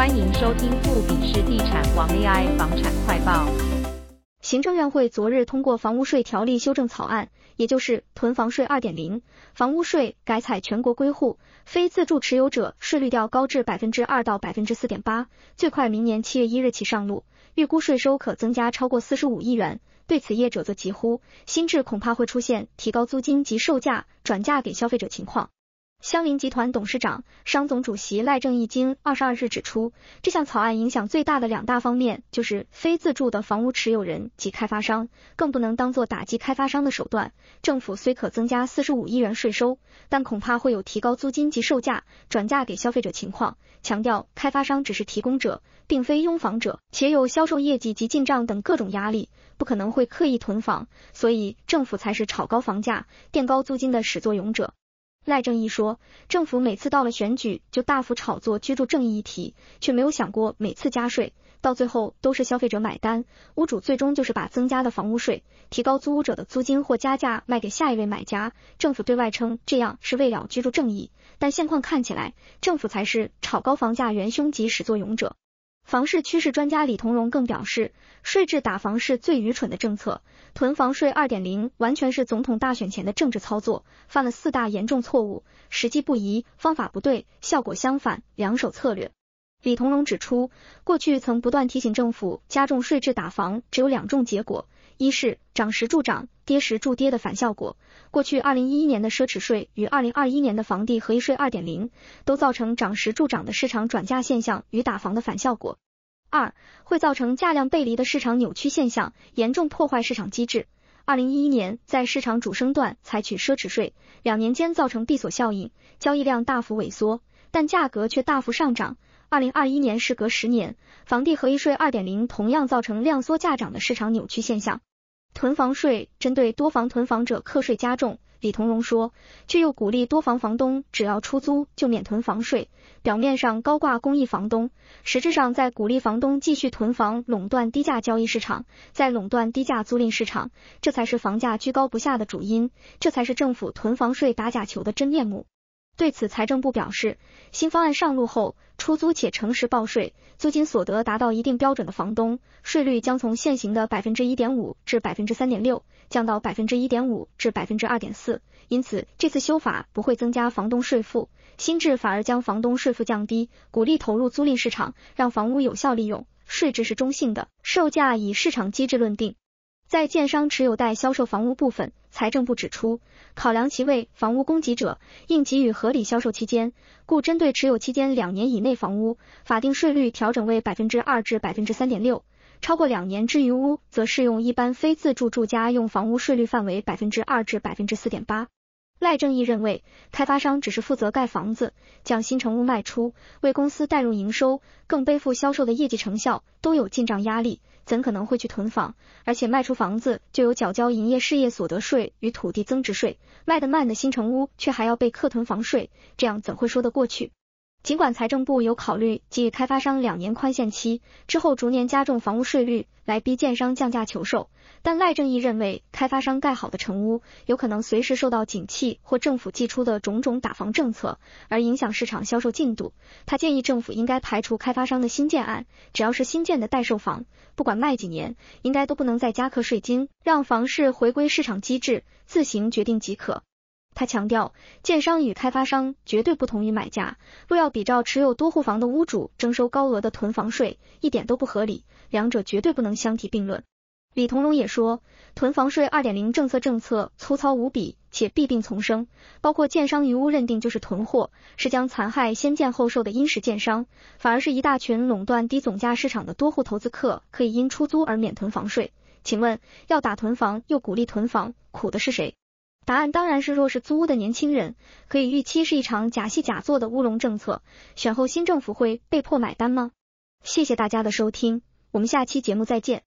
歡迎收聽富比士地產王 AI 房產快報。行政院會昨日通過房屋稅條例修正草案，也就是囤房稅2.0，房屋稅改採全國歸戶，非自住持有者稅率調高至百分之二到百分之四點八，最快明年七月一日起上路，預估稅收可增加超過四十五億元。對此業者則疾呼，新制恐怕會出現提高租金及售價，轉嫁給消費者情況。鄉林集團董事長、商總主席賴正鎰今二十二日指出，這項草案影響最大的兩大方面就是非自住的房屋持有人及開發商，更不能當作打擊開發商的手段。政府雖可增加四十五億元稅收，但恐怕會有提高租金及售價轉嫁給消費者情況。強調開發商只是提供者，並非擁房者，且有銷售業績及進賬等各種壓力，不可能會刻意囤房，所以政府才是炒高房價、墊高租金的始作俑者。賴正鎰說，政府每次到了選舉就大幅炒作居住正義議題，卻沒有想過每次加稅，到最後都是消費者買單。屋主最終就是把增加的房屋稅提高租屋者的租金或加價賣給下一位買家。政府對外稱這樣是為了居住正義，但現況看起來，政府才是炒高房價元凶及始作俑者。房市趨勢專家李同榮更表示，稅制打房是最愚蠢的政策，囤房稅二點零完全是總統大選前的政治操作，犯了四大嚴重錯誤，時機不宜，方法不對，效果相反，兩手策略。李同榮指出，過去曾不斷提醒政府加重稅制打房，只有兩種結果：一是漲時助漲、跌時助跌的反效果。過去二零一一年的奢侈稅與二零二一年的房地合一稅二點零，都造成漲時助漲的市場轉嫁現象與打房的反效果；二會造成價量背離的市場扭曲現象，嚴重破壞市場機制。二零一一年在市場主升段採取奢侈稅，兩年間造成閉鎖效應，交易量大幅萎縮，但價格卻大幅上漲。二零二一年，時隔十年，房地合一稅二點零同樣造成量縮價漲的市場扭曲現象。囤房稅針對多房囤房者課稅加重，李同榮說，卻又鼓勵多房房東只要出租就免囤房稅，表面上高掛公益房東，實質上在鼓勵房東繼續囤房壟斷低價交易市場，在壟斷低價租賃市場，這才是房價居高不下的主因，這才是政府囤房稅打假球的真面目。對此，財政部表示，新方案上路後，出租且誠實報稅，租金所得達到一定標準的房東，稅率將從現行的百分之一點五至百分之三點六，降到百分之一點五至百分之二點四。因此，這次修法不會增加房東稅負，新制反而將房東稅負降低，鼓勵投入租賃市場，讓房屋有效利用。稅制是中性的，售價以市場機制論定。在建商持有待銷售房屋部分，財政部指出，考量其為房屋供給者，應給予合理銷售期間，故針對持有期間兩年以內房屋，法定稅率調整為百分之二至百分之三點六；超過兩年之餘屋，則適用一般非自住住家用房屋稅率範圍百分之二至百分之四點八。賴正鎰認為，開發商只是負責蓋房子，將新成屋賣出，為公司帶入營收，更背負銷售的業績成效，都有進賬壓力，怎可能會去囤房？而且賣出房子就有繳交營業事業所得稅與土地增值稅，賣得慢的新成屋卻還要被課囤房稅，這樣怎會說得過去？儘管財政部有考慮給予開發商兩年寬限期，之後逐年加重房屋稅率來逼建商降價求售，但賴正鎰認為，開發商蓋好的成屋有可能隨時受到景氣或政府祭出的種種打房政策而影響市場銷售進度。他建議政府應該排除開發商的新建案，只要是新建的待售房，不管賣幾年，應該都不能再加課稅金，讓房市回歸市場機制自行決定即可。他強調，建商與開發商絕對不同於買家，若要比照持有多戶房的屋主徵收高額的囤房稅，一點都不合理，兩者絕對不能相提並論。李同榮也說，囤房稅二點零政策政策粗糙無比，且弊病叢生，包括建商餘屋認定就是囤貨，是將殘害先建後售的殷實建商，反而是一大群壟斷低總價市場的多戶投資客可以因出租而免囤房稅。請問，要打囤房又鼓勵囤房，苦的是誰？答案當然是，若是租屋的年輕人，可以預期是一場假戲假做的烏龍政策。選後新政府會被迫買單嗎？謝謝大家的收聽，我們下期節目再見。